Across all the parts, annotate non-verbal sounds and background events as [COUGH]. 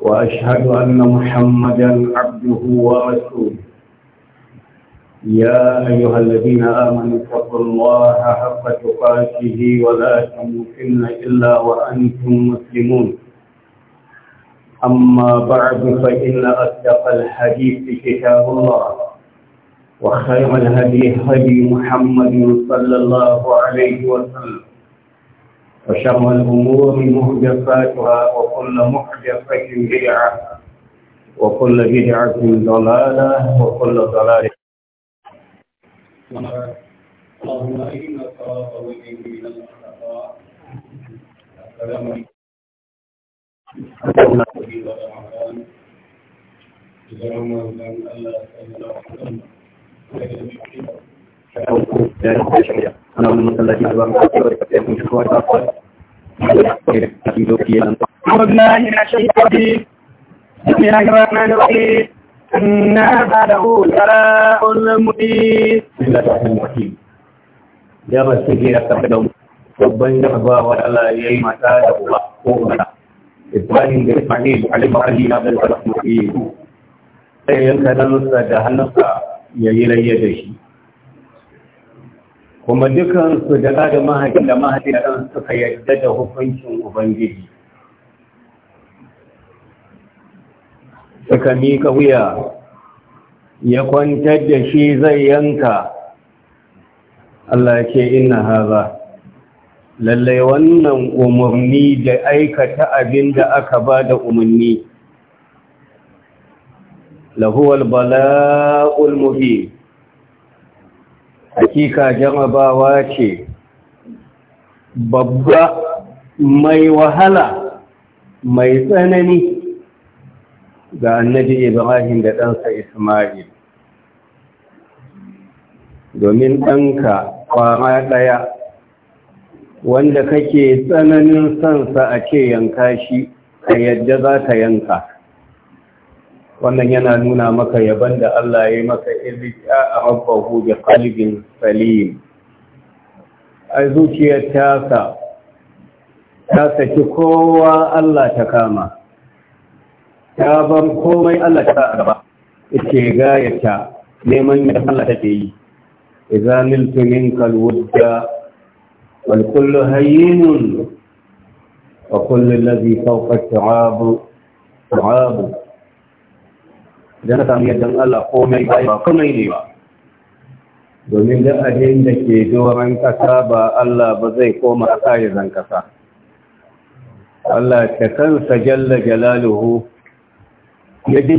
وأشهد أن محمدا عبده ورسوله يا أيها الذين آمنوا اتقوا الله حق تقاته ولا تموتن إلا وأنتم مسلمون أما بعد فإن أصدق الحديث كتاب الله وخير الهدي هدي محمد صلى الله عليه وسلم وشر الأمور محدثاتها وكل محدثة بدعة وكل بدعة ضلالة وكل ضلالة اللهم إنك من السلام عليكم ورحمة الله وبركاته Ibrahim da ya fahimta da Allah ya yi mata da Allah ko Ibrahim da ya fahimta da Allah ya yi mata da shi. kuma dukansu da da mahaifin da mahaifin da suka yarda da hukuncin ubangiji suka miƙa wuya ya kwantar da shi zai yanka Allah ce ina haza lallai wannan umarni da aikata abin da aka ba da umarni lahuwal bala'ul muhim hakika jarabawa ce babba mai wahala mai tsanani ga annabi ibrahim da ɗansa ismail domin ɗanka kwara ɗaya wanda kake tsananin sansa a ce yanka shi a yadda za ka yanka wannan yana nuna maka yaban da Allah ya yi maka irja a rabbahu bi qalbin salim a zuciyar tasa ta saki kowa Allah ta kama ta ban komai Allah ta a gaba ita gayata neman yadda Allah take yi idza niltu minka alwudda wal kullu hayyinun wa kullu alladhi fawqa ta'abu ta'abu dan samu yadda Allah komai ba ba komai ne ba domin da abin da ke doron kasa ba Allah ba zai koma kasa ya zan kasa Allah ta kansa jalla jalaluhu ya ji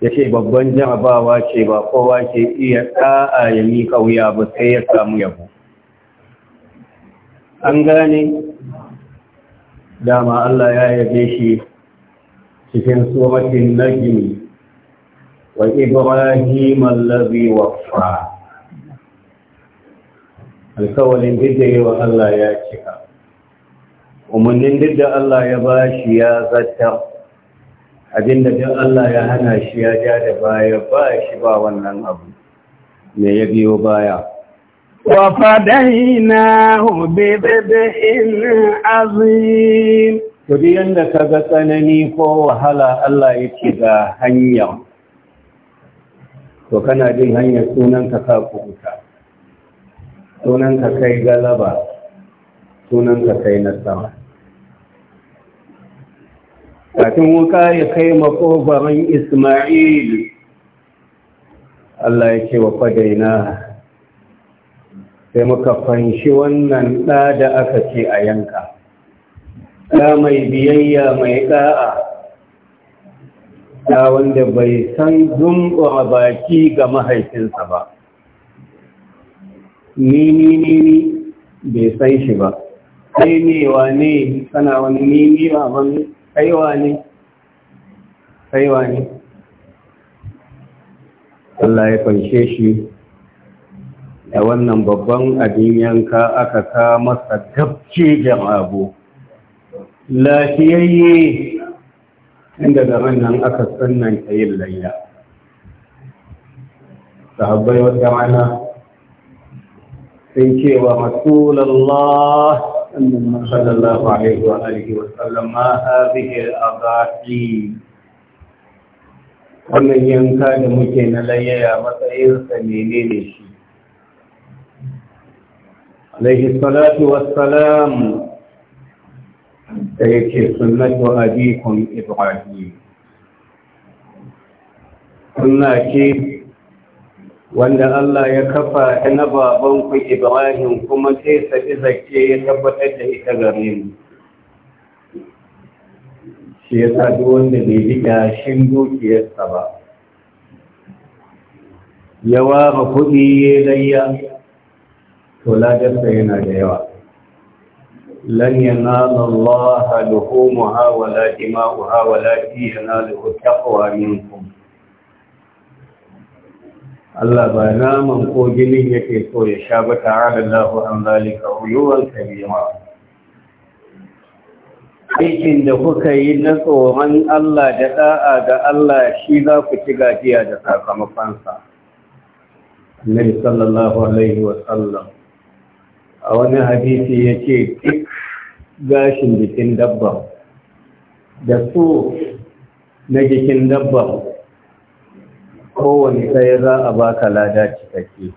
ya ce babban jarabawa ce ba kowa ke iya ta'a ya ba sai ya samu yabo an gane dama Allah ya yabe shi cikin tsohon nagini وإبراهيم الذي وفى alkawalin didda yi wa Allah ya cika umarnin didda Allah ya ba shi ya zata abinda duk Allah ya hana shi ya ja da baya ba shi ba wannan abu me ya biyo baya wa fadaina bi dhibhin azim to yanda kaga tsanani ko wahala Allah yake ga hanyar. to kana jin hanyar sunan ka sa sunanka kai galaba sunan kai nasara kafin wuka ya kai makogaron ismail Allah ya ce wa fadaina sai muka fanshi wannan ɗa da aka ce a yanka ɗa mai biyayya mai ɗa'a da wanda bai san zumbura baki ga mahaifinsa ba ni ni ni ni bai san shi ba kai ne ne kana wani ni ni ba wani kai wane kai ne Allah ya fanshe shi da wannan babban abin yanka aka ka masa gabce jama'abu lafiyayye inda da nan aka sannan ta yin layya sahabbai wata mana? sun cewa masulallah wa alihi wa sallam ma ما al-aqati wannan yanka da muke na layaya matsayinsa menene ne shi alaihi salatu wassalam da yake sunnatu abikun ibrahim sunna ce wanda Allah ya kafa na baban ku Ibrahim kuma sai sabi zake ya tabbatar da ita gare mu. Shi ya sa duk wanda bai ji gashin dukiyarsa ba. Ya ware kuɗi ya layya, to ladarsa yana da yawa. لن ينال الله لحومها ولا دماؤها ولا يناله التقوى منكم الله ba من ko يكي yake so تعالى الله عن ذلك Allahu an aikin da kuka yi na tsoron Allah da da'a ga Allah shi za ku ci gajiya da sakamakonsa Annabi sallallahu alaihi wasallam a wani hadisi ya ce, duk gashin jikin dabba da su na jikin dabba kowane ɗaya za a ba ka lada cikakke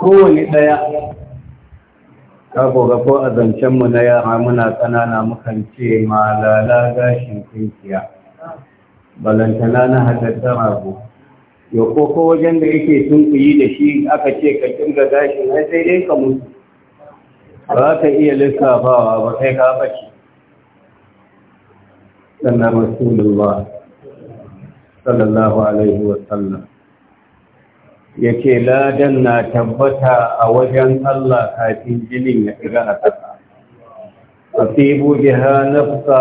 kowane ɗaya ka koga ko a zancenmu na yara muna ƙanana mukan ce malala gashin kinkiya balantana na hadatta rago yau ko wajen da yake tunkuyi da shi aka ce ka kinga gashin sai dai ka mutu ba ka iya lissafawa ba kai ka fashi sannan rasulullah sallallahu alaihi wasallam ya ce ladan na tabbata a wajen Allah kafin jinin ya shiga a ƙasa asibu jiha nafsa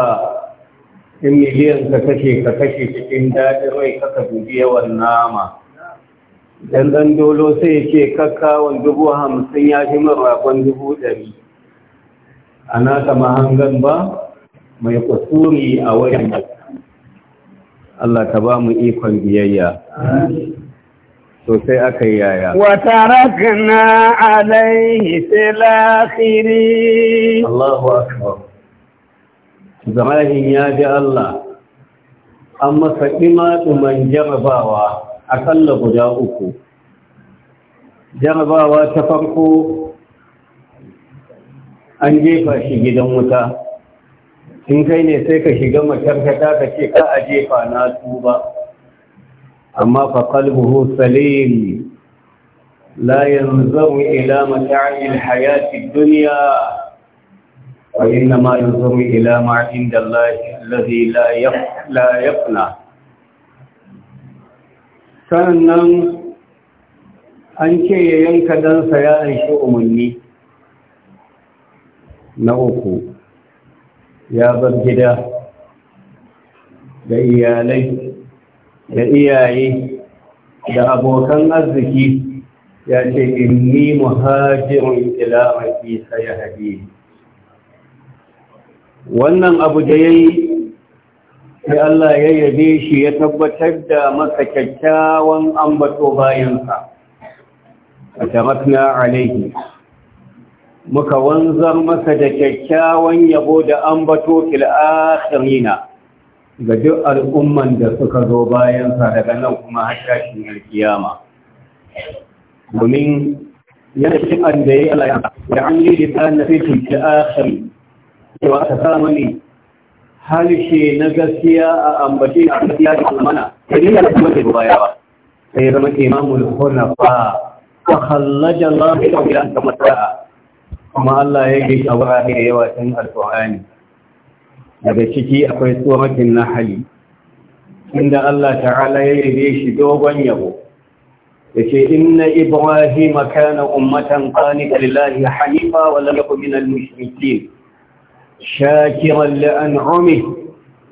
in miliyan ka kashe ka kashe cikin daɗin rai kaka dubi yawan nama dan dan dolo sai ce kakkawan dubu hamsin ya fi rakon dubu ɗari a nasa mahangan ba mai kusuri a wajen Allah ta ba mu ikon biyayya sosai aka yi yaya watarakna alaihi filakiri Allahu akbar zamanin ya ji Allah an masa ɗima ɗuman jarabawa A kalla guda uku jarabawa ta farko an jefa shi gidan wuta in kai ne sai ka shiga matarkata ka ce ka a jefa na tuba amma fa kalbuhu salim la yanzuru ila mata'il hayati dunya wa inma yanzuru ila ma inda Allah alladhi la yafna sannan an ce ya yanka ɗansa ya aishi umarni na uku ya bar gida da iyalai da iyaye da abokan arziki ya ce inni muhajirun ila mafi sai hadi wannan abu da ya yi. sai Allah ya yabe shi ya tabbatar da masa kyakkyawan ambato bayansa a tamatna alaihi muka wanzar masa da kyakkyawan yabo da ambato fil akhirina ga duk al'umman da suka zo bayansa daga nan kuma har tashin alkiyama domin yana cikin da ya yi Allah Da an yi da ta nafi fil akhir wa ta samani harshe na gaskiya a ambaci a gaskiya da mana da ne yana kuma da baya ba sai zama imamul hunafa fa khallaja Allah bi tawfiqan kama ta'a kuma Allah ya yi shawara da yawa cikin alqur'ani daga ciki akwai na hali. inda Allah ta'ala ya yi shi dogon yabo yace inna Ibrahim kana ummatan qanita lillahi hanifa wa lam yakun minal mushrikin شاكرا لأنعمه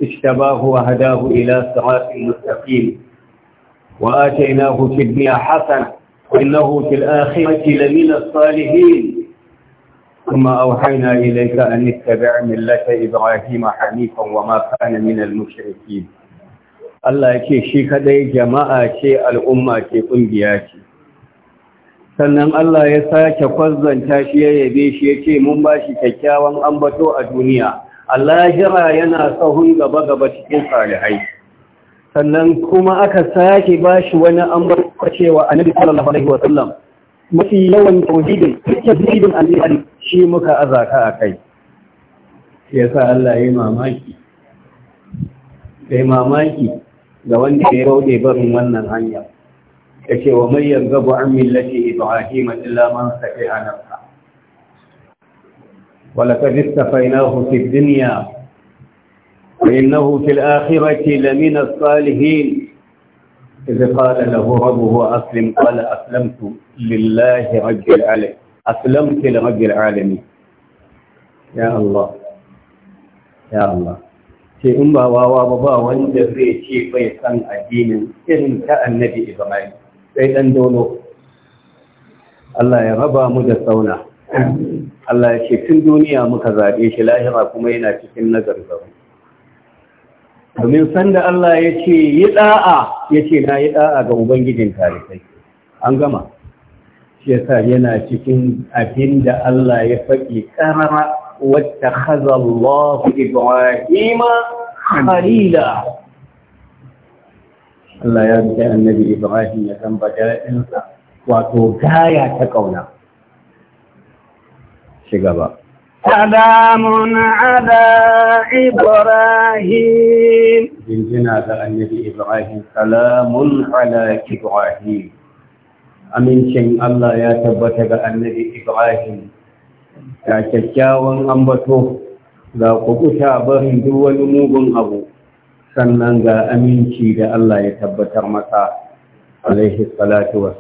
اجتباه وهداه إلى صراط المستقيم وآتيناه في الدنيا حسنة وإنه في الآخرة لمن الصالحين ثم أوحينا إليك أن اتبع ملة إبراهيم حنيفا وما كان من المشركين Allah ya ce shi kadai jama'a ce al'umma ce kungiya ce sannan Allah ya sake kwazzanta shi ya yabe shi ya ce mun ba shi kyakkyawan ambato a duniya allahira yana sahun gaba-gaba cikin salihai sannan kuma aka sake ba shi wani ambato cewa annabi sallallahu alaihi wa sallam mafi yawan tauhidin tauhidin alheri shi muka azaka a kai yasa Allah ya mamaki sai mamaki ga wanda ya raude barin wannan hanyar. yace wa man yanzabu an millati ibrahim illa man safiha nafsa ولقد استفيناه في الدنيا وإنه في الآخرة لمن الصالحين إذ قال له ربه أسلم قال أسلمت لله رب العالمين أسلمت لرب العالمين يا الله يا الله في أمة واوا بابا وانجر في شيء فيسان الدين إن كأن نبي إبراهيم sai ɗan dolo Allah ya raba mu da sauna Allah ya ce tun duniya muka zaɓe shi lahira kuma yana cikin nazar zaune domin sanda Allah ya ce yi ɗa'a ya ce na yi ɗa'a ga Ubangijin tarifai an gama shi yasa yana cikin abin da Allah ya faɗi ƙarara wata khazallahu Ibrahima khalila Allah ya rike annabi Ibrahim ya san baja'insa wato gaya ta kauna Shi gaba. Salamun ala Ibrahim. Jinjina ga annabi Ibrahim, salamun ala Ibrahim. Amincin Allah ya tabbata ga annabi Ibrahim, ga kyakkyawan ambato, ga kukuta barin duk wani mugun abu. sannan ga aminci da Allah ya tabbatar masa alaihi salatu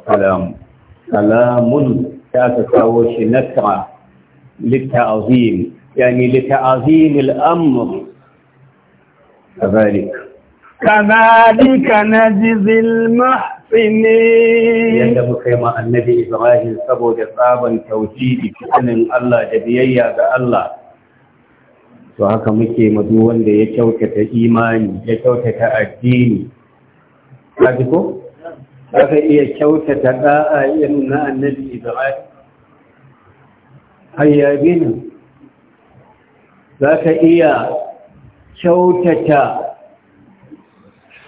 ta kawo shi nakra litta'azim yani litta'azim al'amr kazalik كذلك نجزي yadda muka yi annabi Ibrahim saboda tsaban tauhidi cikin Allah da biyayya ga Allah to haka muke madu wanda ya kyautata imani ya kyautata addini kaji ko aka iya kyautata da'a na annabi ibrahim hayyabina za ka iya kyautata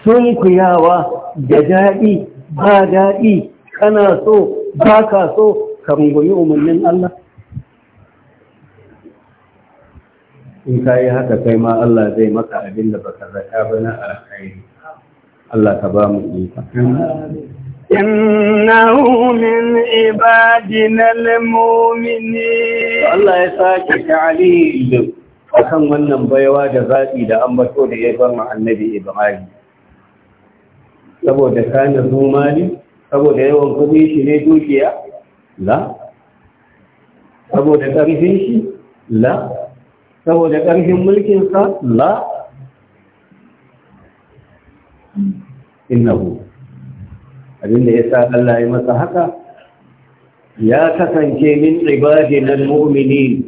sunkuyawa da daɗi ba daɗi kana so ba ka so ka rungumi umarnin Allah in ka yi haka kai ma Allah zai maka abin da baka zaka ba na alkhairi Allah ka ba mu ita innahu min ibadina almu'minin Allah ya sake ta'lil akan wannan baiwa da zaɓi da an bato da ya bar annabi Ibrahim saboda kana zumali saboda yawan kudi shi ne dukiya la saboda ƙarfin shi la saboda ƙarfin mulkinsa la innahu abinda ya sa Allah ya masa haka ya kasance min ibadi na mu'mini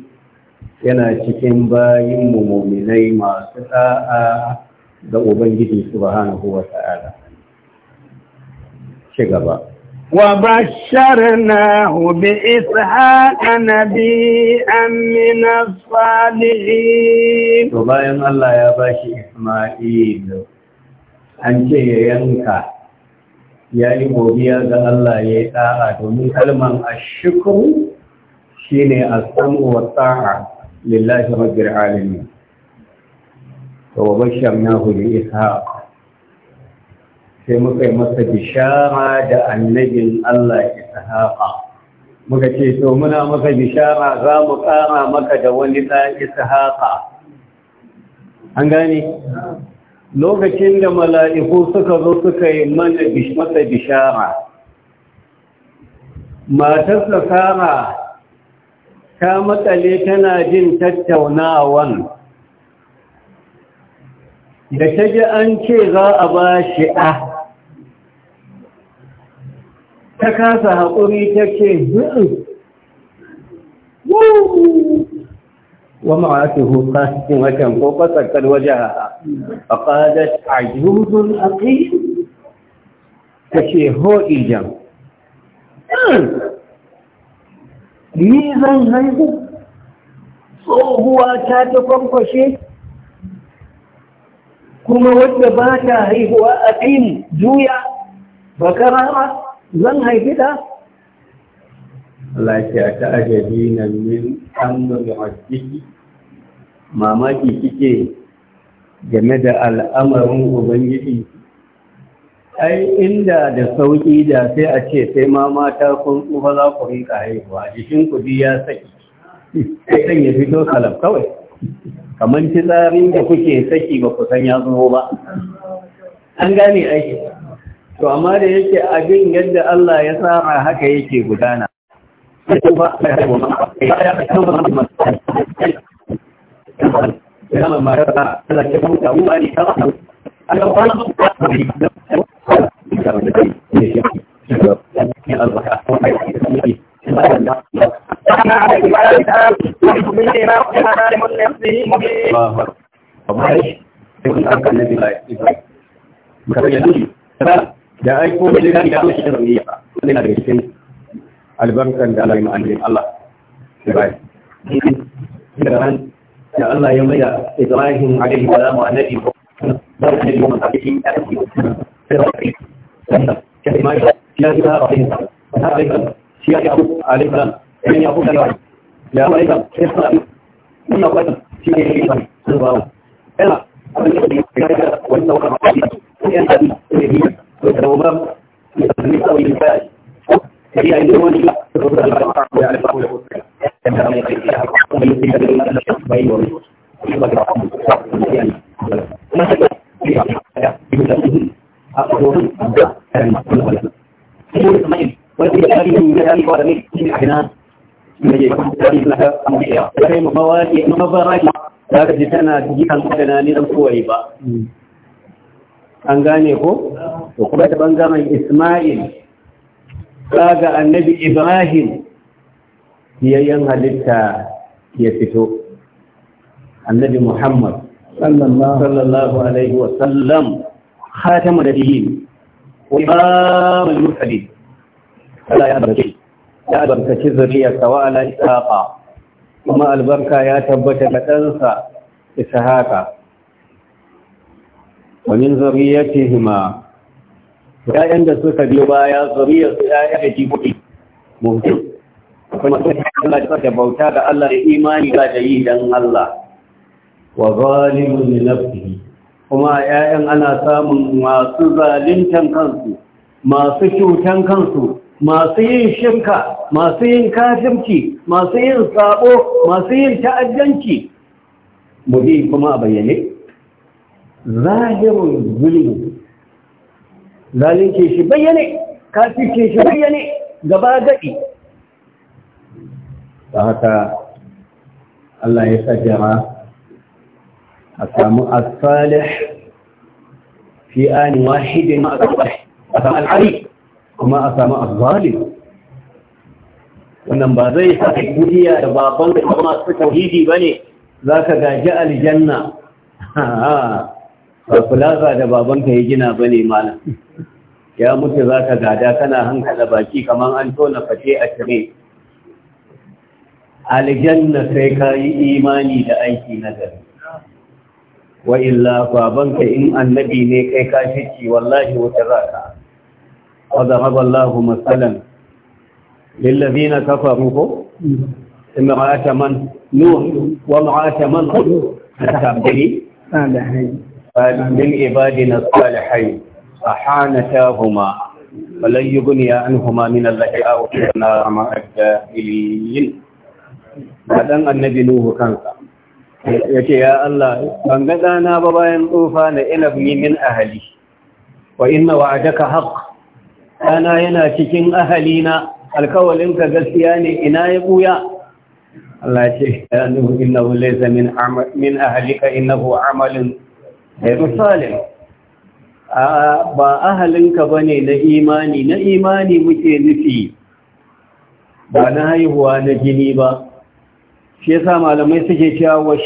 yana cikin bayin mu mu'minai masu da'a ga ubangiji subhanahu wa ta'ala ci gaba وبشرناه بإسحاق نبيا من الصالحين bayan الله يا باشي إسماعيل an ce ya yanka ya yi godiya ga Allah ya yi ɗa'a domin kalman a shukuru shi ne a samuwa ɗa'a lillahi rabbil alamin to wa na sai muka yi masa bishara da annabin Allah Ishaqa muka ce to muna maka bishara za mu ƙara maka da wani ɗan Ishaqa an gane lokacin da mala'iku suka zo suka yi mana masa bishara matarsa Sara ta matsale tana jin tattaunawan da ta ji an ce za a ba shi a ta kasa haƙuri ta ce zuɗu wa ma'atu hukka wajen ko kwasakar waje a ƙadar ajiyuzun aƙi ta ce ho'ijan ni zan haihu tsohuwa ta ta kwankwashe kuma wadda ba ta haihuwa aƙi juya bakarara zan haifi da laki a ta'ajabi na min amurin hajjiki mamaki kike game da al'amarin ubangiji ai inda da sauƙi da sai a ce sai ma mata kun tsufa za ku rinka haihuwa jikin ku ya saki sai ɗan ya fito kalaf kawai kamar tsarin da kuke saki ba ku san ya zo ba an gane aiki to amma da yake abin yadda Allah ya tsara haka yake gudana Thank you. da ai ko da kai da Allah shi rawiya wanda yana da cikin albarkan da Allah ya ma'ani Allah da bai da ran da Allah ya mai da Ibrahim alaihi salamu annabi da da yi mun tafi da shi da kai mai ya da rahim da rahim shi ya abu alaihi salam in ya abu da rahim ya abu alaihi salam in ya abu shi ne shi ne subhanahu ila abin da ya da wannan wannan da ya da وتوبة لتسليم أو الإنسان هي عندهم لا تقدر القطع يعني فهو يقول كما يقول فيها الحكم الذي يدل على الشخص بين وبين مبارك مبارك لا تجدنا جيكا لنا نظام كويبا an gane ko to kuma ta bangaren Isma'il kaga annabi Ibrahim biyayyen halitta ya fito annabi Muhammad sallallahu alaihi wa sallam khatamu da dihin wa imamul mursalin Allah ya barke ya barkaci zuriyarsa wa ala isaqa kuma albarka ya tabbata da ɗansa isa haka. wa min zariyatihima ƴaƴan da suka biyo baya zariyar su yi da jikoki mutum kuma Allah ta da bauta ga Allah da imani ga da yi dan Allah wa zalimun li nafsihi kuma yayan ana samun masu zalintan kansu masu cutan kansu masu yin shirka masu yin kafirci masu yin sabo masu yin ta'addanci mubi kuma a bayyane zahirin zulmi zalunce shi bayyane kafirce shi bayyane gaba gadi da haka Allah ya sa jama a samu asalih fi ani wahidin ma a samu al'ari kuma a samu azalim wannan ba zai saka gudiya da baban da kuma su tauhidi ba ne za ka gaji aljanna [LAUGHS] ba da babanka ya gina ba ne malam ya mutu za ka gada kana hankala baki kamar an tona fashe a tire aljanna sai ka yi imani da aiki na gari wa illa babanka in annabi ne kai ka shiki wallahi wata za ka وضرب الله مثلا للذين كفروا امرأة من نوح وامرأة من هود أتعبدني من عبادنا الصالحين أحانتاهما فلن يغني عنهما من الله أو النار مع الجاهلين هذا النبي نوح كان yake ya Allah ban ga dana ba bayan tsufa na inabni min ahali wa inna wa'adaka haqq dana yana cikin ahalina alkawalinka gaskiya ne ina ya buya Allah ya ce ya nuhu laysa min min ahlika innahu amalun gairu salim ba ahalinka ba ne na imani na imani muke nufi ba na haihuwa na jini ba shi yasa malamai suke cewa wa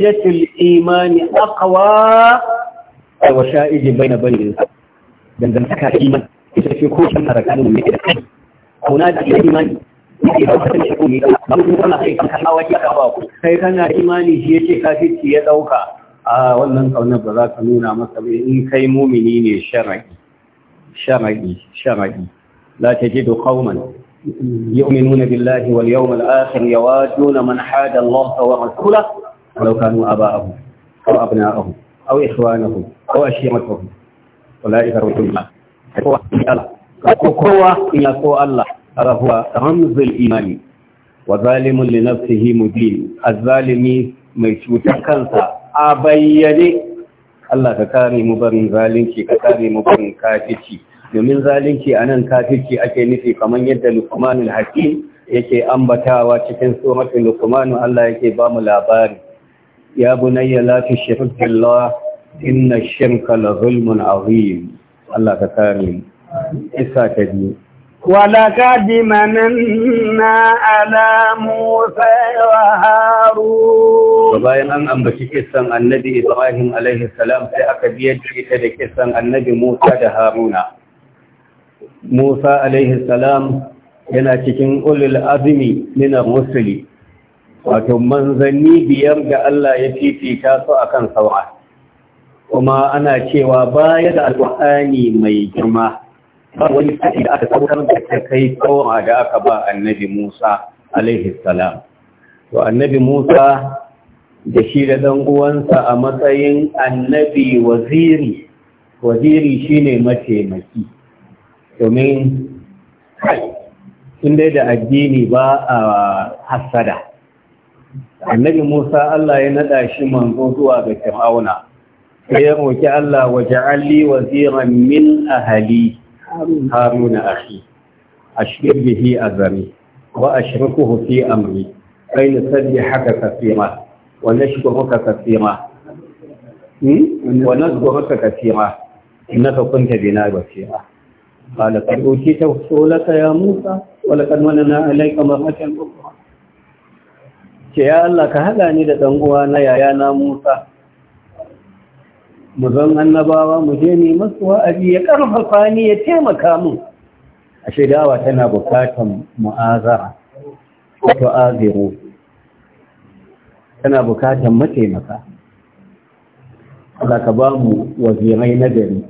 jatul imani aqwa da wa sha'iji baina bani dangantaka imani ita ce ko shan harakanin ne da kai kuna da imani kai kana imani shi yake kafirci ya dauka a wannan kaunar ba za ka nuna masa ba in kai mumini ne shar'i shar'i shar'i la tajidu qauman yu'minuna billahi wal yawmil akhir yawaduna man hada Allah wa rasulahu walau kanu aba'ahum aw abna'ahum aw ikhwanahum aw ashiratahum ulaika rabbuna ko kowa in ya so Allah rahuwa ramzul imani wa zalimun li nafsihi mubin az-zalimi mai cutar kansa a bayyane Allah ka kare mu barin zalunci ka kare mu barin kafici domin zalunci a nan kafici ake nufi kamar yadda Luqmanul Hakim yake ambatawa cikin suratul Luqman Allah yake ba mu labari ya bunayya la tushrik billah inna shirka la zulmun azim Allah ka kare mu isa ta biyu ولقد مننا على موسى وهارون bayan an ambaci kissan annabi Ibrahim alaihi sai aka biyar da ita da kissan annabi Musa da Haruna Musa alaihi yana cikin ulul azumi min ar wato manzani biyar da Allah ya fifita su akan saura kuma ana cewa baya da alqur'ani mai girma ba wani fadi da aka saukar da ta kai tsawon da aka ba annabi Musa alaihi salam to annabi Musa da shi da dan uwansa a matsayin annabi waziri waziri shine mataimaki domin tun dai da addini ba a hasada annabi Musa Allah ya naɗa shi manzo zuwa ga Fir'auna sai ya roki Allah waja'alli waziran min ahali. هارون أخي أشير به أذري وأشركه في أمري كي نسبحك كثيرا ونشكرك كثيرا ونذكرك كثيرا إنك كنت بنا بصيرا قال قد أوتيت سؤلك يا موسى ولقد مننا عليك مرة أخرى يا الله كهذا ندى da يا uwa موسى mu zan annabawa mu je ne masuwa wa'azi ya ƙarfafa ni ya taimaka min a shaidawa tana bukatan mu'azara ko aziru tana bukatan mataimaka Allah ka ba mu wazirai na gari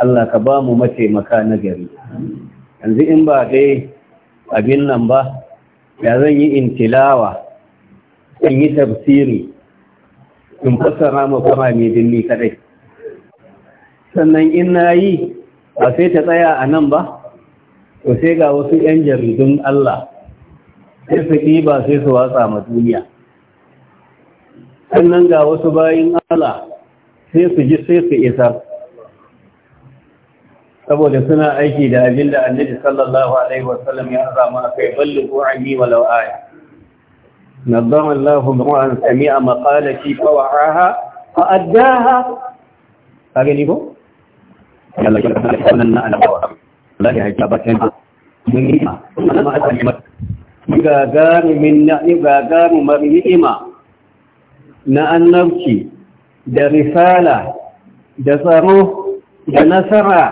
Allah ka ba mu mataimaka na gari yanzu in ba dai abin nan ba ya zan yi intilawa in yi tafsiri in fassara ma kuma mai dinni kadai sannan in na yi ba sai ta tsaya a nan ba to sai ga wasu 'yan jaridun Allah sai su ɗiba sai su watsa ma duniya sannan ga wasu bayin Allah sai su ji sai su isa saboda suna aiki da abin da annabi sallallahu alaihi wasallam ya azama kai ballu anni walau aya نظم الله امرا سمع مقالتي فوعاها فأداها أغني بو يلا كنا أنا بوعاها لا يعجبك أنت من نعمة أنا ما أتعلمك غاغار من نعم غاغار مريئمة na annabci da risala da tsaro da nasara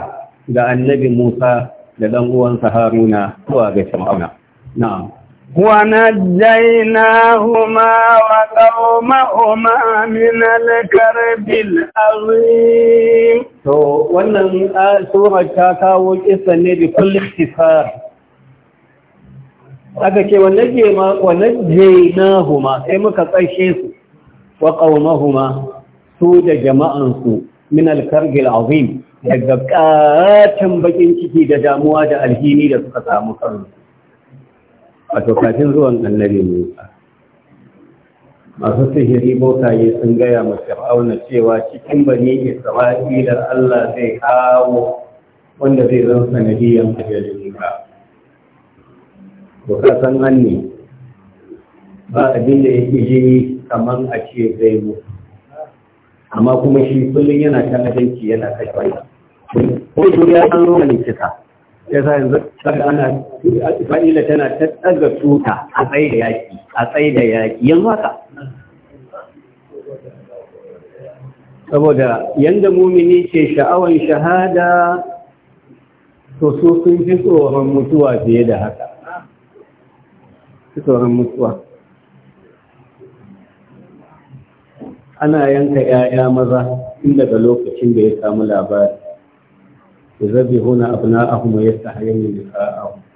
ga annabi Musa da ɗan uwansa Haruna zuwa ga Fir'auna. Na'am. ونجيناهما وقومهما من الكرب العظيم to wannan surar ta kawo kisan ne bi kulli ikhtisar aka ce wannan jema wannan sai muka tsaishe su wa qaumahuma su da jama'an su min al-kargil azim daga katin bakin ciki da damuwa da alhini da suka samu kansu wato kafin zuwan annabi Musa masu sihiri bokaye sun gaya ma fir'auna cewa cikin bani isra'ila Allah zai kawo wanda zai zan sanadiyan ajalin ka to ka san anni ba abin da yake jini kaman a ce zai mu amma kuma shi kullum yana kan adanci yana kashe wani ko ya san ruwan likita ya sa yanzu ana isra'ila tana ta tsaga tuta a tsaye da yaƙi a tsaye da yaƙi Yan haka saboda yanda mumini ke sha'awan shahada to su sun fi tsoron mutuwa fiye da haka fi tsoron mutuwa ana yanka 'ya'ya maza tun daga lokacin da ya samu labari يذبحون أبناءهم ويستحيون نساءهم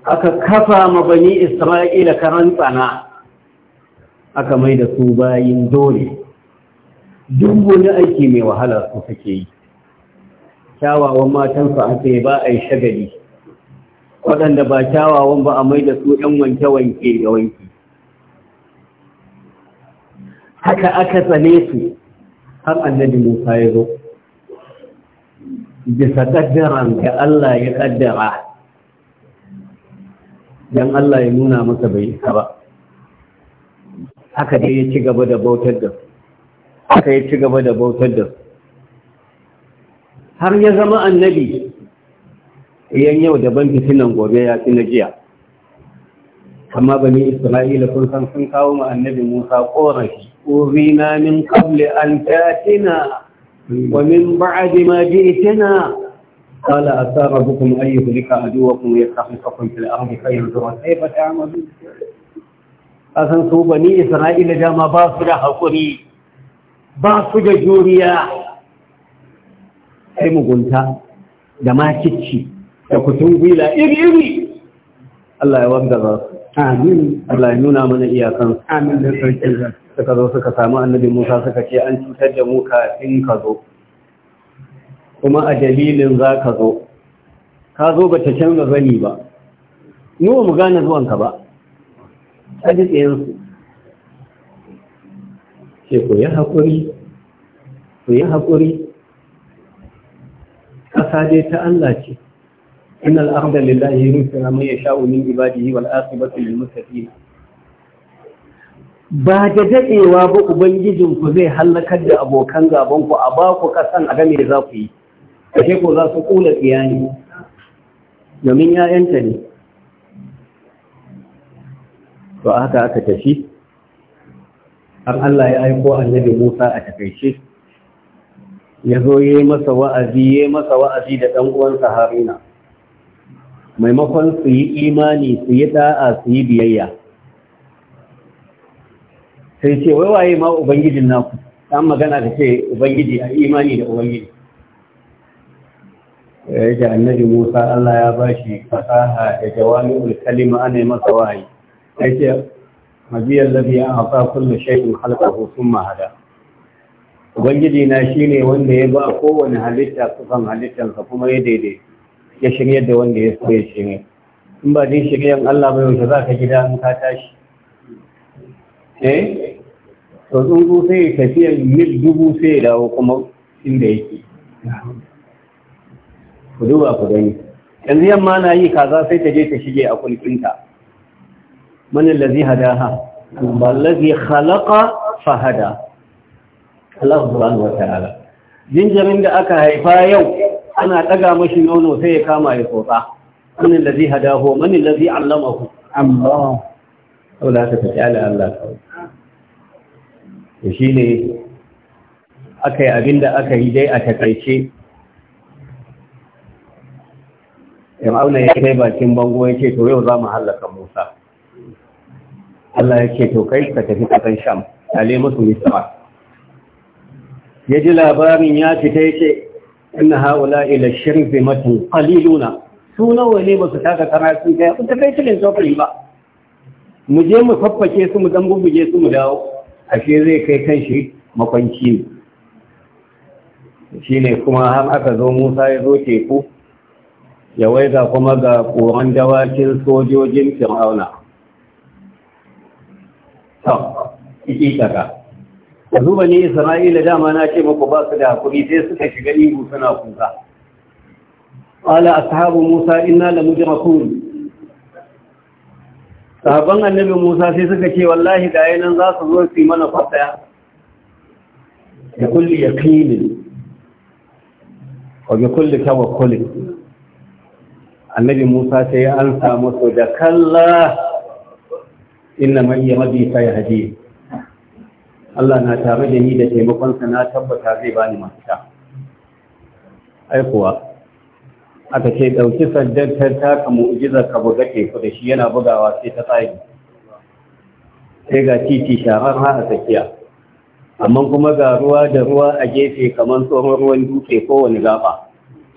aka kafa ma bani isra'ila karan tsana aka mai da su bayin dole duk wani aiki mai wahala su suke yi kyawawan matansu ake ba a yi shagali waɗanda ba kyawawan ba a mai da su ‘yan wanke-wanke da wanki haka aka tsane su har annabi musa ya zo bisa ƙaddara da Allah ya kaddara don Allah ya nuna masa bai isa ba haka dai ya ci gaba da bautar da haka ya ci gaba da bautar da har ya zama annabi yan yau daban fitinan gobe ya fi na jiya amma bani isra'ila kun san sun kawo ma annabi musa korafi ko zina min qabli an tatina ومن بعد ما جئتنا قال أتى ربكم أن يهلك عدوكم ويستخلفكم في الأرض فينظر كيف تعملون أذن سو بني إسرائيل جاما باسو دا حقري باسو دا جوريا sai mugunta da makici da kutun gwila iri-iri Allah ya wanda za su amin Allah ya nuna mana iyakansu amin da sarki zai suka zo suka annabi Musa suka ce an cutar da mu kafin ka zo kuma a dalilin za ka zo ka zo ba ta canza zani ba ni ba mu gane zuwanka ba Ta ji tsayensu ce ku yi haƙuri ku yi haƙuri ƙasa dai ta Allah ce إن الأرض لله يرثها من يشاء من عباده والآخرة للمتقين ba da daɗewa ba ubangijinku zai hallakar da abokan gabanku a ba ku ƙasan a game da za ku yi a ko za su ƙula tsiyani domin ‘ya'yanta ne to haka aka tafi har Allah ya aiko annabi Musa a takaice ya zo ya yi masa wa'azi ya yi masa wa'azi da ɗan uwansa Haruna maimakon su yi imani su yi ɗa'a su yi biyayya sai ce wai waye ma ubangijin naku an magana da ce ubangiji a imani da ubangiji ya ce annabi musa allah ya bashi shi fasaha da jawami'ul kalima ana masa wahayi ya ce mabiyar lafiya ya hasa kullum shaikun halkahu sun mahada ubangiji na shi ne wanda ya ba kowane halitta kusan halittansa kuma ya daidai ya shirya da wanda ya so ya shirya in ba din shiryan allah bai wuce za ka gida in ka tashi eh to tsuntsu sai tafiyar mil dubu sai dawo kuma inda yake ku duba ku gani yanzu yamma na yi kaza sai ta je ta shige a kulkinta man allazi hadaha wallazi khalaqa fahada Allah subhanahu wataala ta'ala jinjirin da aka haifa yau ana daga mashi nono sai ya kama ya tsotsa man allazi hadahu man allazi allamahu Allah saboda ta ta'ala Allah kawai shi ne aka yi abinda aka yi dai a takaice Auna ya kai bakin bango ya ce to yau za mu hallaka musa Allah ya ce to kai ka tafi kasan sham tale musu misra ya ji labarin ya fita ya ce inna haula ila shirfi matan qaliluna su nawa ne ba su taka kara sun kai ba ta kai cikin tsofari ba mu je mu fafake su mu dan bubuje su mu dawo ashe zai kai kanshi makwanci shi ne kuma har aka zo musa ya zo teku ya waiza kuma ga koran dawakin sojojin fir'auna ƙiƙiƙaƙa A zuba ne isra'ila dama na ce maku ba su da hakuri sai suka shiga ihu suna kuka ƙala ashabu musa inna la Sabon annabi musa sai suka ce wallahi ga nan za su zo su yi mana fataya da kulli yaqinin wa bi kulli tawakkul annabi musa sai ya ansa musu da kalla inna man yahdi fa yahdi Allah na tare da ni da taimakon sa na tabbata zai bani mafita ai kuwa aka ce ɗauki sandar ta taka mu'ujizar ka buga teku da shi yana bugawa sai ta tsari. sai ga titi sharar ha a tsakiya amma kuma ga ruwa da ruwa a gefe kamar tsohon ruwan dutse wani gaba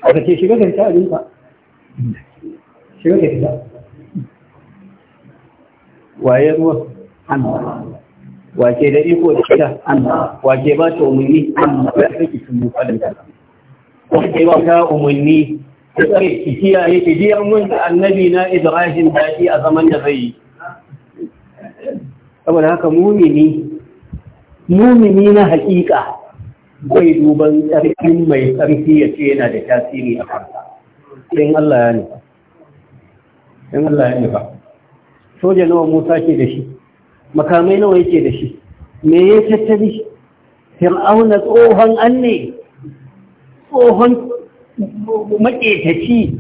aka ce shiga da ta abinka shiga da ta waye ruwa Allah wace da iko da ita Allah wace ba ta umarni Allah ya saki sun mu da ta wace ba ta umarni ki tsare ki kiyaye ki biya mun annabi na Ibrahim dadi a zaman da zai yi saboda haka mumini mumini na haƙiƙa bai duban tsarkin mai tsarki ya ce yana da tasiri a kansa in Allah ya ne in Allah ya ba soja nawa Musa ke da shi makamai nawa yake da shi me ya tattali fir'auna tsohon anne tsohon maƙetaci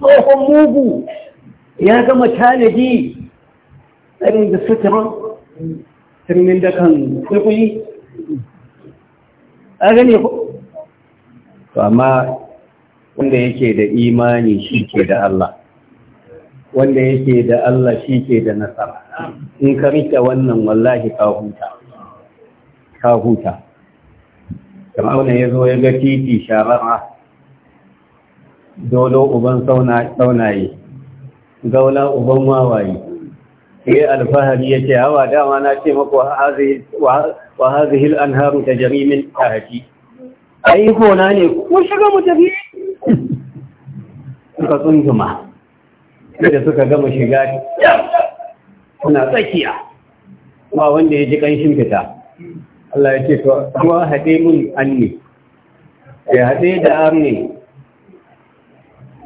tsohon mugu ya gama tanadi tsarin da suturan turmin da kan kulkuli a gane ku amma wanda yake da imani shi ke da Allah wanda yake da Allah shi ke da nasara in ka rike wannan wallahi ka huta ka huta kamar wanda ya zo ya ga titi shara'a dolo uban saunaye gaula uban wawaye sai alfahari ya ce hawa dama na ce maka wa hazihil an haru ta jarimin a haji ai na ne ko shiga mu tafi [LAUGHS] suka tsunduma da suka gama shiga suna tsakiya ba wanda ya ji ƙanshin fita Allah ya ce to kuma haɗe mun an ne ya haɗe da arne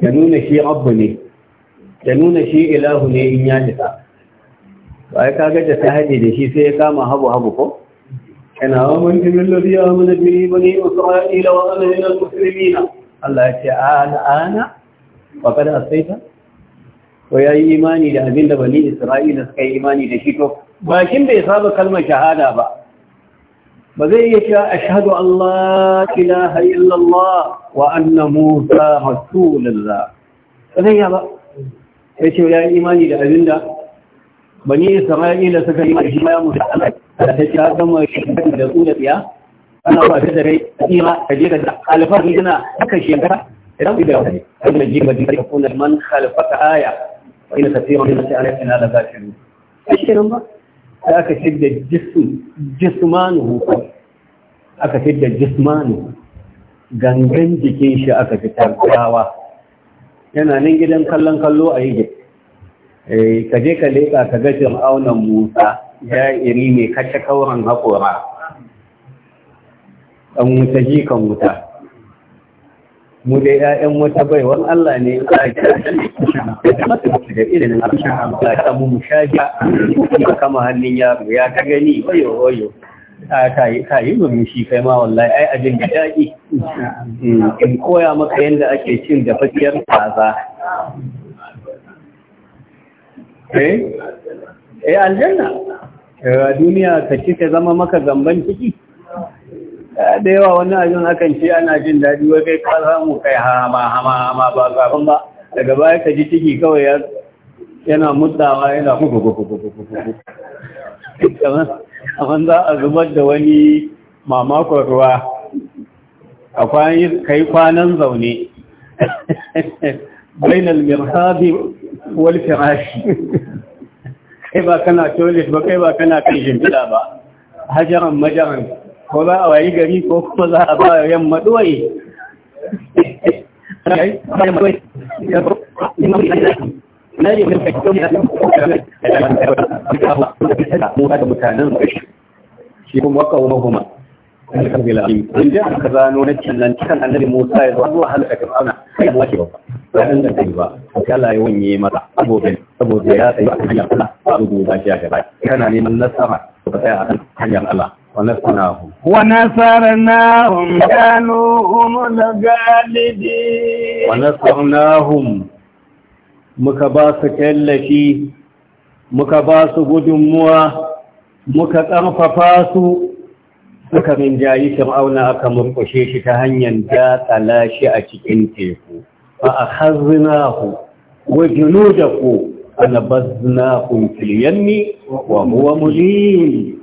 ya nuna shi abu ne ya nuna shi ilahu ne in ya jika ba ya kaga da ta haɗe da shi sai ya kama habu habu ko yana wa mun jimin lafiya wa mun jini ba ne isra'ila wa ana yana musulmina Allah ya ce al'ana ba kada a saita ko ya yi imani da abinda ba bani isra'ila suka yi imani da shi to bakin bai saba kalmar shahada ba بذي أشهد أن لا إله إلا الله وأن موسى رسول الله بذي يابا إيش ولا إيمان إلى أذن الله بني إسرائيل سكن إيمان إجماع موسى على تشارك ما يشهد لأولى فيها أنا أقول أفيد ري إيمان أجيك أجل خالفة إذن أكشي أنك إذن إذن أولي أجل أجيك بذي يكون من خالفة آية وإن كثير من الناس على ذلك إيش كنمبر aka fidda jismanu aka fidda jismanu gangan jikin shi aka fi tarkawa yana nan gidan kallon kallo a yi eh, ka je ka leƙa ka ga fir'aunan musa ya iri mai kashe kauran haƙora ɗan wuta ji kan wuta mu dai ƴaƴan wata baiwar Allah ne ba da irin ba ta mu mushaja ka kama hannun yaro ya ta gani wayo wayo ta yi domin shi kai ma wallahi ai ajin da daɗi in koya maka yadda ake cin dafafiyar kaza eh eh aljanna eh, duniya ka ci ta zama maka gamban ciki da yawa wannan ajin akan ce ana jin daɗi wai kai ka samu kai hama hama hama ba gaban ba daga baya ka ji ciki kawai ya yana mutsawa yana kamar za a zubar da wani mamakon ruwa a kai kwanan zaune bainal mirhabi wal firashi kai ba kana toilet ba kai ba kana kai shimfiɗa ba hajaran majaran ko za a wayi gari ko kuma za a ba yamma doye na yi ya da mutanen shi kuma kawo mahuma in ji aka zano na cillan cikin annabi musa ya zuwa halaka ta tsana kai ba ba ba ɗan da kai ba kala ya wanye mata abobin saboda ya tsaye a hanyar allah ba su Ba shi a gaba kana neman nasara ba tsaya a hanyar allah ونصرناهم ونصرناهم كانوا هم الغالبين muka ba su tallafi muka ba su gudunmuwa muka ƙarfafa su suka rinjayi fir'auna aka murkushe shi ta hanyar datsala shi a cikin teku fa akhadnahu wa junudahu anabadnahum fil yammi wa huwa mulim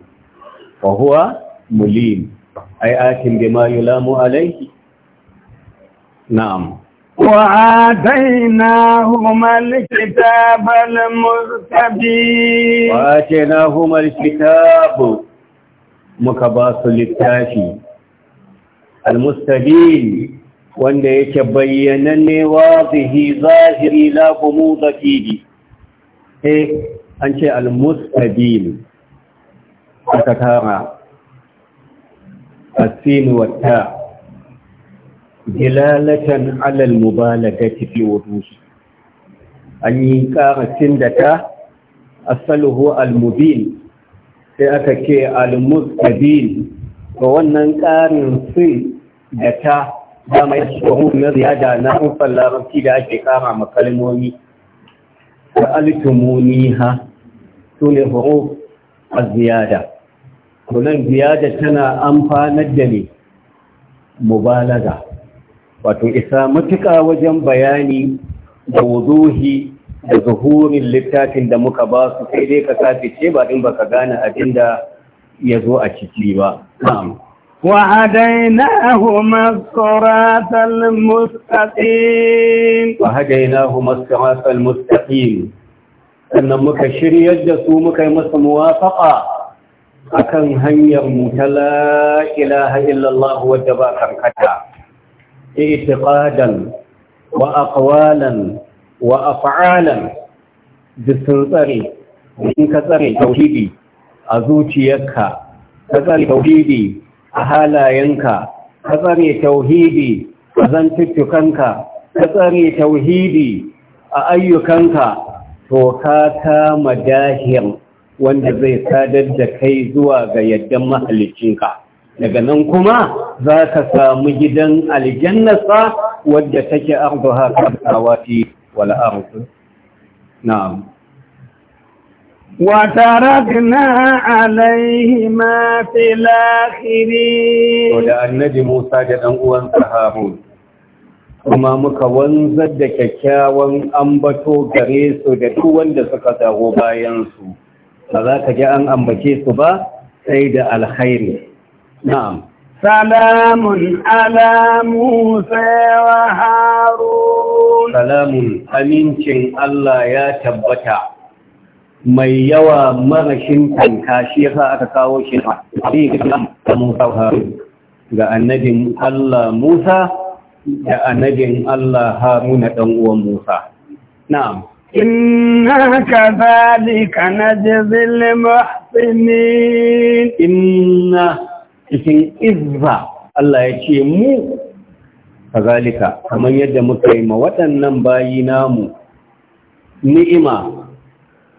wa huwa mulim ai atin bima yulamu alayhi na'am وآتيناهما الكتاب المستبين وآتيناهما الكتاب مكباس للتاشي المستبين wanda yake bayyananne wazihi zahiri la gumuda fihi eh an ce al-mustabil Sekarang Asin wa ta Jilalatan alal mubalagati fi wuduhi An yi ƙara sin da ta Asaluhu al-mubin Sai aka ke al-mustabin Ga wannan ƙarin sin da ta Dama na ziyada na rufar larabci da ake ƙara makalmomi Ga al-tumuni ha Sune huruf al-ziyada tunan ziyada tana amfanar da ne mubalaga wato isa matuƙa wajen bayani da wuzuhi da zuhurin littafin da muka ba su sai dai ka ce ba din baka gane abin da ya zo a ciki ba وهديناهما الصراط المستقيم وهديناهما الصراط المستقيم sannan muka shiryar da su muka yi masa muwafaƙa akan hanyar mu ta la illallah wadda ba karkata itiƙadan wa aqwalan wa af'alan bisun tsare in ka tsare tauhidi a zuciyarka ka tsare tauhidi a halayenka ka tsare tauhidi a zantuttukanka ka tsare tauhidi a ayyukanka to ka kama dahir wanda zai sadar da kai zuwa ga yaddan mahalicinka daga nan kuma za ka samu gidan aljannasa wadda take arduha kabtawati wal ardu na'am وتركنا عليهما في الآخرين ودا النبي موسى da ɗan uwansa Harun kuma muka wanzar da kyakkyawan ambato gare su da duk wanda suka dawo bayansu. ba za ka ji an ambace su ba sai da alkhairi na'am salamun ala musa wa harun salamun amincin Allah ya tabbata mai yawa marashin tanka shi yasa aka kawo shi a musa harun ga annabin Allah Musa da annabin Allah Haruna dan uwan Musa na'am إنا كذلك نجزي المحسنين إنا cikin izza Allah ya ce mu kazalika kamar yadda muka yi ma waɗannan bayi namu ni'ima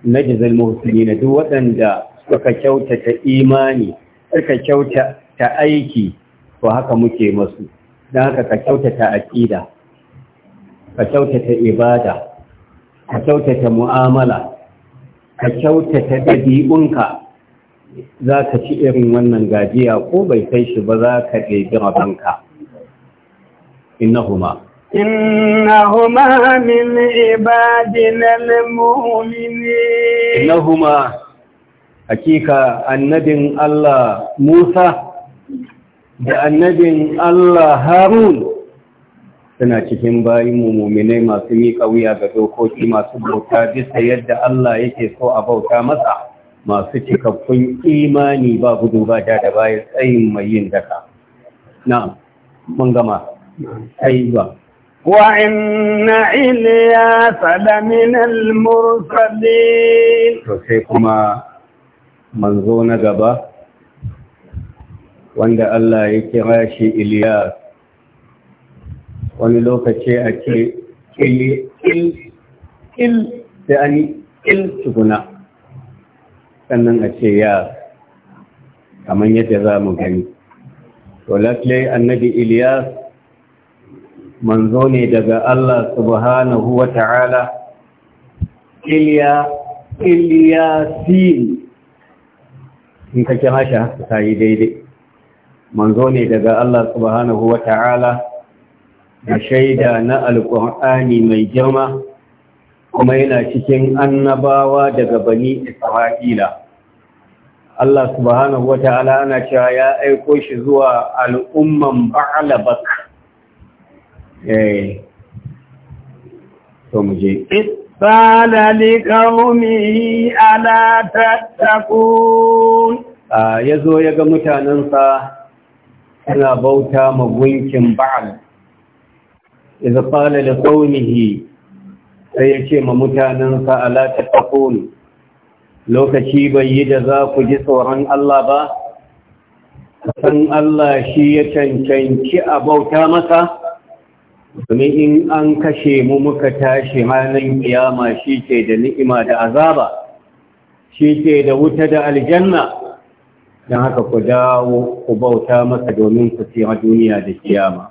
na jizal na duk waɗanda suka kyautata imani suka kyautata aiki to haka muke masu don haka ka kyautata aƙida ka kyautata ibada ka kyautata mu'amala ka kyautata dabi'unka za ka ci irin wannan gajiya ko bai kai shi ba za ka ɗebi rabanka innahuma innahuma min ibadina al-mu'minin innahuma hakika annabin Allah Musa da annabin Allah Harun suna cikin bayan mu muminai masu miƙa wuya ga dokoki masu bauta bisa yadda Allah yake so a bauta masa masu cikakkun imani ba gudu ba da da bayan tsayin mai yin daka na mun gama sai ba Wa To sai kuma manzo na gaba, wanda Allah yake rashi Iliyas. wani lokaci a ce il da an yi il tukuna sannan a ce ya kamar yadda za mu gani to lalle annabi Ilyas manzo ne daga Allah subhanahu wa ta'ala Iliya Ilyasin in ka kira haka ta yi daidai manzo ne daga Allah subhanahu wa ta'ala da shaida na alƙur'ani mai girma kuma yana cikin annabawa daga bani isra'ila Allah subhanahu wa ta'ala ana cewa ya aiko shi zuwa al'umman ba'alabak eh to mu je li liqaumihi ala tattaqun ah, yazo yaga mutanansa suna bauta magunkin ba'al idza qala li qaumihi sai ya ce ma mutanen sa ala tattaqun lokaci bai yi da za ku ji tsoron Allah ba san Allah shi ya cancanci a bauta maka? domin in an kashe mu muka tashi ranar kiyama shi ke da ni'ima da azaba shi ke da wuta da aljanna don haka ku dawo ku bauta maka domin ku siya duniya da kiyama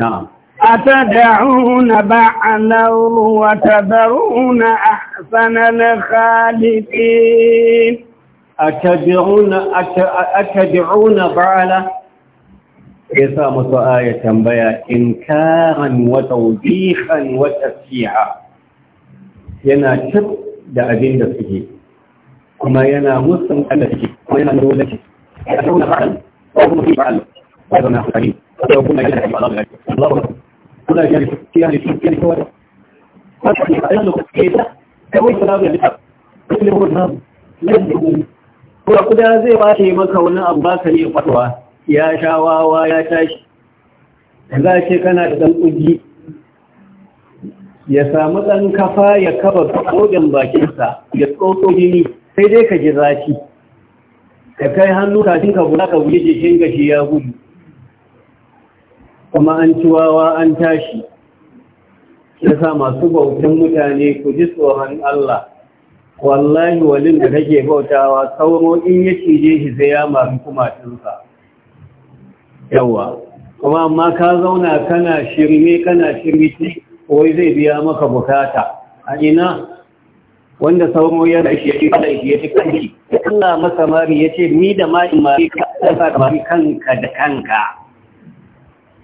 na'am أتدعون بعلا وتذرون أحسن الخالقين أتدعون أت... أتدعون بعلا يسا مسآية تنبيا إنكارا وتوبيخا وتسيحا ينا شب دا أدين دا سجي كما ينا مسلم أدى سجي كما ينا نور لكي أتدعون بعلا وهم في بعلا ويضنا خلالين ويقولنا إلى الله الله suna shi ne shi ne shi ne kawai ba su a yanzu ka ke ta kawai suna bai lita ne ko na lalle ko kuda zai ba shi maka wani abu ba ka ne fatwa ya sha wawa ya tashi za ce kana da dan uji ya samu dan kafa ya kaba kogan bakinsa ya tsotso jini sai dai ka ji zafi ka kai hannu kafin ka bula ka wuce jikin gashi ya gudu kuma an ci wawa an tashi yasa masu bautan mutane ku ji tsoron Allah wallahi walin da kake bautawa sauro in ya cije shi sai ya maru kumatinsa yawa kuma amma ka zauna kana shirme kana shirme wai zai biya maka bukata a ina wanda sauro ya rashi ya ci shi ya ci kanki kalla masa mari ya ce ni da ma'in mari ka kanka da kanka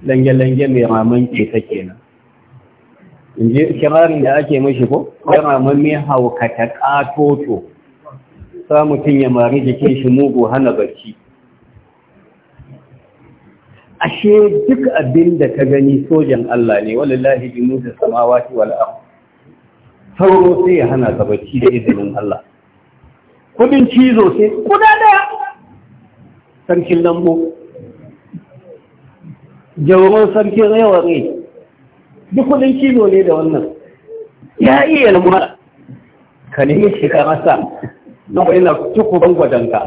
lange-lange mai raman ke kenan in ji kirarin da ake mashi ko ya raman mai haukata ƙatoto sa mutum ya mari jikin shi mugu hana barci. ashe duk abin da ka gani sojan Allah ne walillahi Musa samawati wal ardh sauro sai ya hana ka barci da izinin Allah kudin cizo sai kuda daya sarkin lambo jauron sarki rewa ne duk wani cizo ne da wannan ya iya lamura ka nemi shekara sa na ina tukuban gwadanka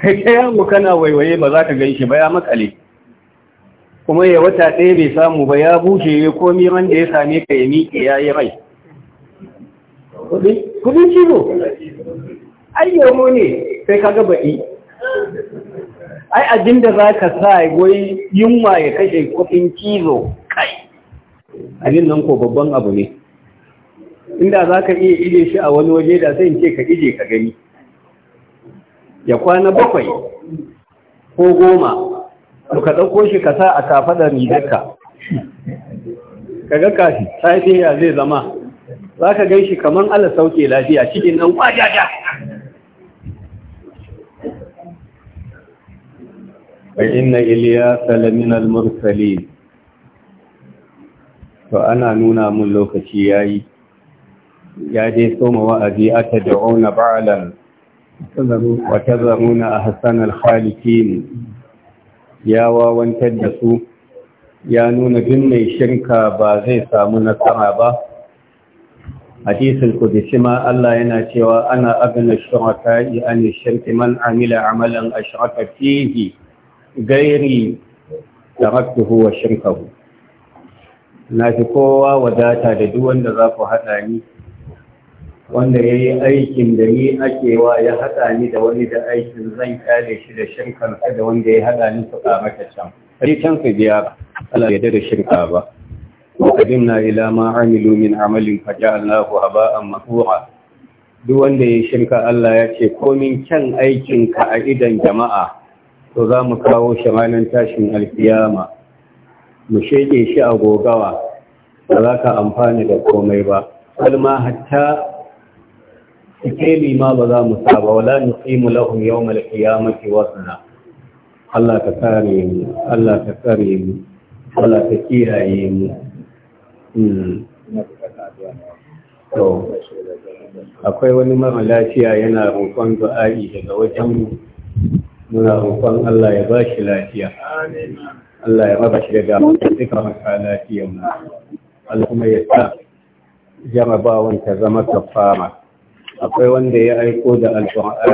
kai ta yamu kana waiwaye ba za ka gan shi ba ya makale kuma ya wata ɗaya bai samu ba ya bushe ya komi ran da ya same ka ya miƙe ya yi rai kudin kilo ayyomo ne sai ka ga baɗi ai abin da za ka sa wai yunwa ya kashe kofin kizo kai abin nan ko babban abu ne inda za ka iya ije shi a wani waje da sai ce ka ije ka gani ya kwana bakwai ko goma to ka ɗauko shi ka sa a kafaɗar rigarka ka ga kafi sai ya zai zama za ka gan shi kamar ala sauke lafiya cikin nan kwajaja فإن إلياس لمن المرسلين فأنا نونا من لوكشياي يا دي سوم وأذي أتدعون بعلا وتذرون أحسن الخالقين يا واwan taddasu ya nuna duk mai shirka ba zai samu nasara ba hadisul qudsi ma Allah yana cewa ana abna shuraka yani shirki man amila amalan ashraka gairi da taraktuhu wa shirkahu na fi kowa wadata da duk wanda za ku haɗa ni wanda ya yi aikin da ni ake ya haɗa ni da wani da aikin zan kare shi da shirkarsa da wanda ya haɗa ni su ƙamata can ri can su biya ba Allah ya da shirka ba وقدمنا إلى ما عملوا من عمل فجعلناه هباء mahura duk wanda ya shirka Allah ya ce komin kyan aikinka a idan jama'a to za mu kawo shi ranar tashin alfiyama mu sheke shi a gogawa ba za ka amfani da komai ba kalma hatta sikeli ma ba za mu saba wala nuqimu lahu yawm alqiyamati wasna Allah ka kare mu Allah ka kare mu Allah ka kiyaye mu hmm. to akwai wani mara lafiya yana rokon du'a'i daga wajen mu muna roƙon Allah ya ba shi lafiya Allah ya raba shi daga duka maka lafiya mu Allah kuma ya sa jarabawan ta zama kafara akwai wanda ya aiko da alƙur'ani